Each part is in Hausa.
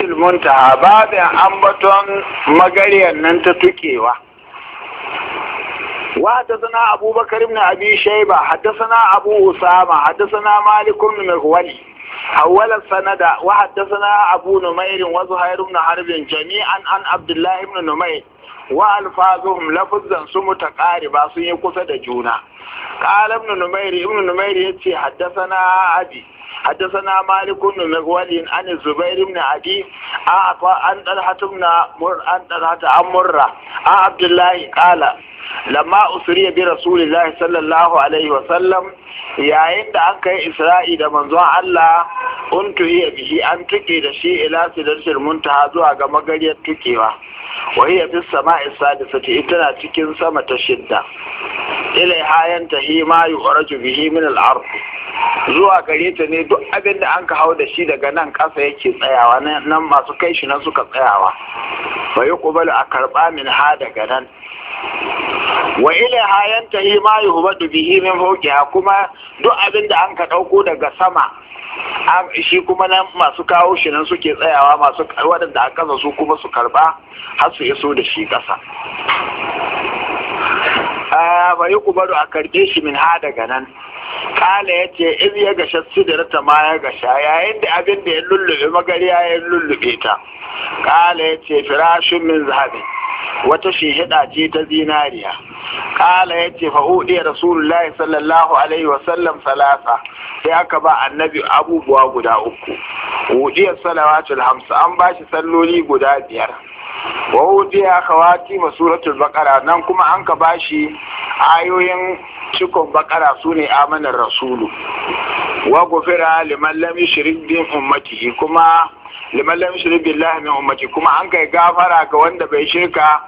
Baitul Muntaha babu ambaton nan ta tukewa. Wa haddasa abu na abi shaiba, haddasa abu Usama, haddasa na حول السند وحدثنا أبو نمير وزهير بن حرب جميعا عن عبد الله بن نمير وألفاظهم لفظا سمتقاربا سيقصد دجونا قال ابن نمير ابن نمير يتي حدثنا أبي حدثنا مالك بن مغول عن الزبير بن عدي عن طلحة بن عن طلحة عن مرة عبد الله قال lamma usriya bi rasulillahi sallallahu alaihi wa sallam yayin da an kai isra'i da manzon Allah untu ya bihi an tuke da shi ila sidratil muntaha zuwa ga magariyar tukewa wa hiya fi sama'i sadisati ita na cikin sama ta shidda ila hayan tahi ma yu'raju bihi min al zuwa gare ta ne duk abin da an ka hau da shi daga nan ƙasa yake tsayawa nan masu kai shi nan suka tsayawa fa yuqbalu a karɓa min ha daga nan wa ilaiha yantahi ma yuhbadu bihi min fawqiha kuma duk abin da an ka dauko daga sama shi kuma nan masu kawo shi nan suke tsayawa masu waɗanda a ƙasa su kuma su karba har su iso da shi ƙasa ba yi kubaru a karbe shi min ha daga nan kala ya ce in ya gasha sidirta ma ya gasha yayin da abin da ya lullube magariya ya lullube ta kala ya ce firashin min zahabi wata shehida ce ta zinariya kala ya ce fa'uɗi rasulullahi sallallahu alaihi wasallam salasa sai aka ba annabi abubuwa guda uku wuɗiyar salawatul hamsa an ba shi salloli guda biyar wa wuɗiya kawati masuratul bakara nan kuma an ka ba shi ayoyin cikon bakara su ne amanar rasulu wa gufira liman lam yushrik bi ummatihi kuma liman lam yushrik billahi min ummati kuma an kai gafara ga wanda bai shirka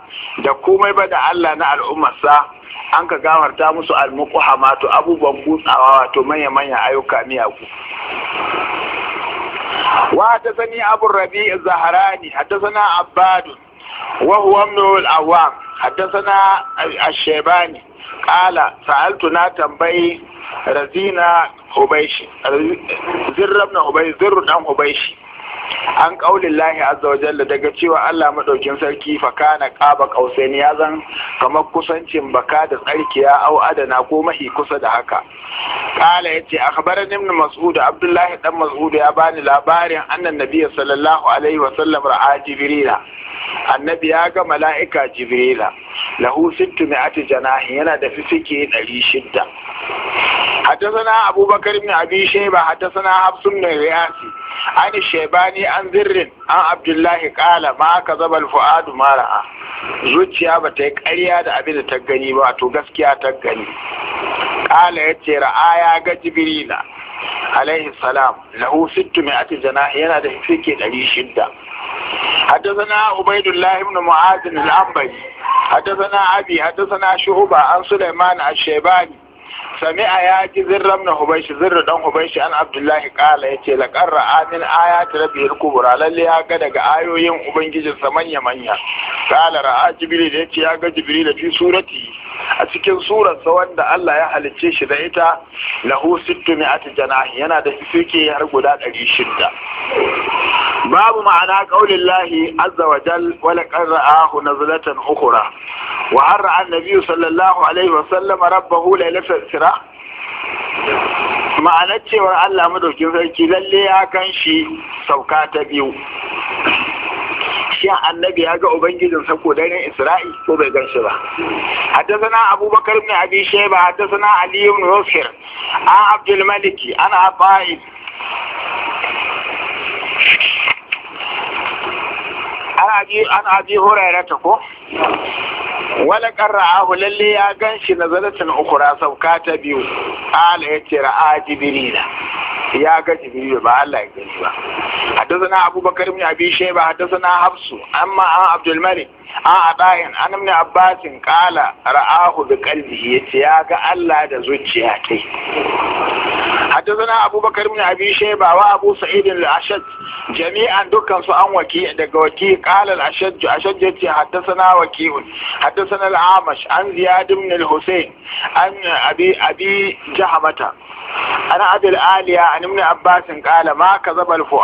da komai ba da Allah na al'ummarsa an ka gafarta musu almuqahamatu abubuwan gutsawa wato manya manya ayyuka miyagu wa ta sani abu rabi zaharani hatta sana abadu wa huwa min al-awwam حدثنا الشيباني قال سألتنا تنبي رزينا هبيشي زر بن هبيش زر بن هبيشي an kaulin lahi azza jalla daga cewa Allah maɗaukin sarki fa kana qaba qausaini ya zan kamar kusancin baka da ya au adana ko mahi kusa da haka قال يتي أخبرني ابن مسعود عبد الله بن مسعود يا بني لاباري أن النبي صلى الله عليه وسلم رأى جبريل النبي يا ملائكة جبريل له 600 جناح ينا دفسكي ألي شدة حدثنا أبو بكر بن أبي شيبة حدثنا حفص بن الرياسي عن الشيباني عن ذر عن عبد الله قال ما كذب الفؤاد ما رأى zuciya ba ta yi ƙarya da abin da ta gani ba to gaskiya ta gani kala ya ce ra'aya ga jibrila alaihi salam lahu sittu mi'ati janahi yana da shida. 600 حدثنا عبيد الله بن معاذ العنبري حدثنا ابي حدثنا شعبه عن سليمان الشيباني سمع يا جزر بن حبيش زر دان حبيش عن عبد الله قال yace la qarra amin ayat rabbil kubra lalle ya ga daga ayoyin ubangijinsa sa manya manya qala ra'a jibril ce ya ga jibril fi surati a cikin surarsa wanda Allah ya halicce shi da ita lahu sittu mi'ati janahi yana da fiffike har guda ɗari shidda babu ma'ana qaulin lahi azza wa jal wala qara'ahu nazlatan ukhra wa harra sallallahu alaihi wa sallam rabbahu lailatul isra ma'anar cewar Allah madaukin sarki lalle ya kan shi sauka ta biyu shin annabi ya ga ubangijin sa ko daren isra'i ko bai gan shi ba haddathana abubakar ibn abi shayba haddathana ali ibn yusuf an abdul maliki ana fa'i an abi hurairah ta ko wala qara'ahu lalle ya ganshi nazaratin ukura sauka ta biyu ala yace ra'a jibrila ya ga jibril ba Allah ya gani ba Haddasa haddathana abubakar ibn abi shayba na hafsu amma an abdul malik an adayan an ibn abbas qala ra'ahu bi qalbihi yace ya ga Allah da zuciya ta kai haddathana abubakar ibn abi shayba wa abu sa'id al-ashad jami'an dukkan su an waki daga waki qala al-ashad ashad yace na waki'un haddasa al-amash an ziyad ibn al-husayn an abi abi jahamata أنا عبد الآلية عن ابن عباس قال ما كذب الفؤاد